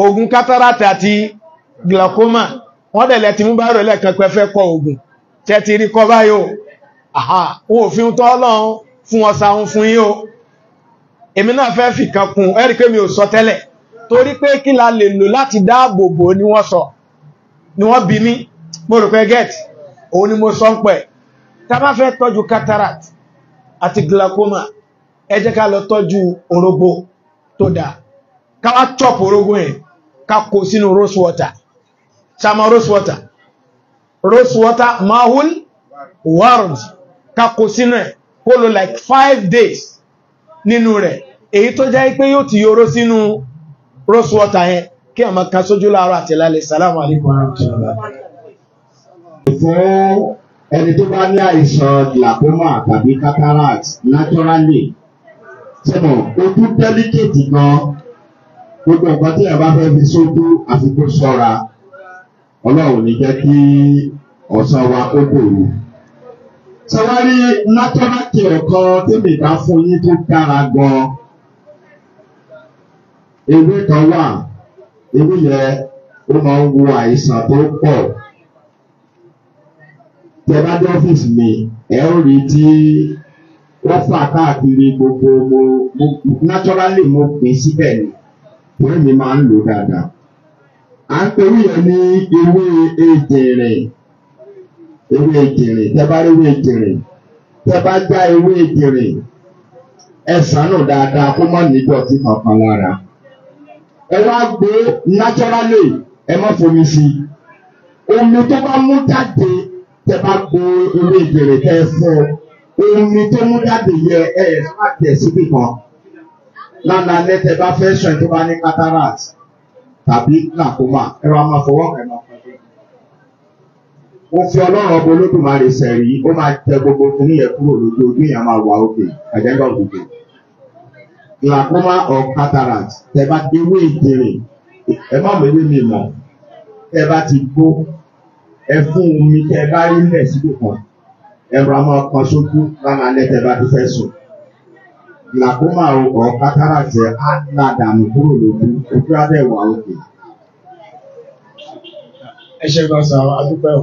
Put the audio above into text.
oògùn kátàràtì àti glaucoma wọ́n dẹ̀lẹ̀ ti mú bá rẹ̀ lẹ́ẹ̀kan pẹ́ fẹ́ kọ oògùn tẹ́ ti rí kọ báyìí o àhà wọn ò fi ń tọ́ ọlọ́run fún ọ̀sà òun fún yín èmi náà fẹ́ fi kan kún ẹ pé mi ò sọ tẹ́lẹ̀ torí pé kí la lè lò láti dáàbò bò ni wọ́n sọ ni wọ́n bi mí mo rò pé get òun ni mo sọ ń pẹ̀ tá bá fẹ́ tọ́jú cataract àti glaucoma ẹ jẹ́ ká lọ tọ́jú orógbó tó dáa ká wá chop orógbó yẹn ká kó sínú rose water ṣàmọ́ rose water rose water mahul warm ká kó sínú ẹ̀ kó like five days nínú rẹ̀ èyí tó jẹ́ pé yóò ti yóró sínú rose water yẹn kí a máa kan sójú láàárọ̀ àti salamu alaykum fún ẹni tó bá ní àìsàn glaucoma tàbí cataract naturally ṣe mọ̀ ojú delicate gan-an gbogbo nǹkan tí yàrá fẹ́ fi sójú àsìkò sọ́ra ọlọ́run ní jẹ́ kí ọ̀sán wa kó gbòòrò. sọwárí látọ́lákì ọ̀kan tèmi ká fún yín tó dára gan-an. ewé kan wà ewé yẹn ó máa ń wo àìsàn tó pọ̀. tẹ bá dé ọ́fíìsì mi ẹ ó rí tí wọ́n fà káàkiri gbogbo mo naturally mo pín síbẹ̀ ni wọ́n mi máa ń lò dáadáa. à ń pe ewé yẹn ní ewé ejìnrìn ewé ejìnrìn tẹ́ bá rí ewé ejìnrìn tẹ́ bá já ewé ejìnrìn ẹ ṣàánú dáadáa kó má ní dọ̀tí kankan lára. ẹ wá gbé naturally ẹ má fomi sí i omi tó bá mú jáde tẹ́ bá gbó ewé ejìnrìn kẹ́ ẹ fọ omi tó mú jáde yẹ ẹ má tẹ̀ síbì kan lálálẹ́ tẹ bá fẹ́ sọ tó bá ní cataract tàbí glaucoma ẹ wá máa fọwọ́ kẹ́ máa fọ́ mo fi ọlọ́run ọba olódùmarè sẹ̀rí ó máa tẹ gbogbo kìíní yẹn kúrò lójú ojú yẹn máa wà òkè àjẹ́gbà òdòdó glaucoma or cataract tẹ bá déwé ìdèrè ẹ má mẹ́lẹ́ mi mọ̀ tẹ bá ti gbó ẹ fún omi tẹ bá rí lẹ̀ síbì kan ẹ rọra máa kan sójú lánàá lẹ́tẹ̀ bá ti fẹ́ sùn làkúmà ọkọ̀ kátàràjẹ á ńlá dànù kúrò lójú ojú adé ìwà òkè. ẹ ṣe gbọ́n sọ àdúpẹ́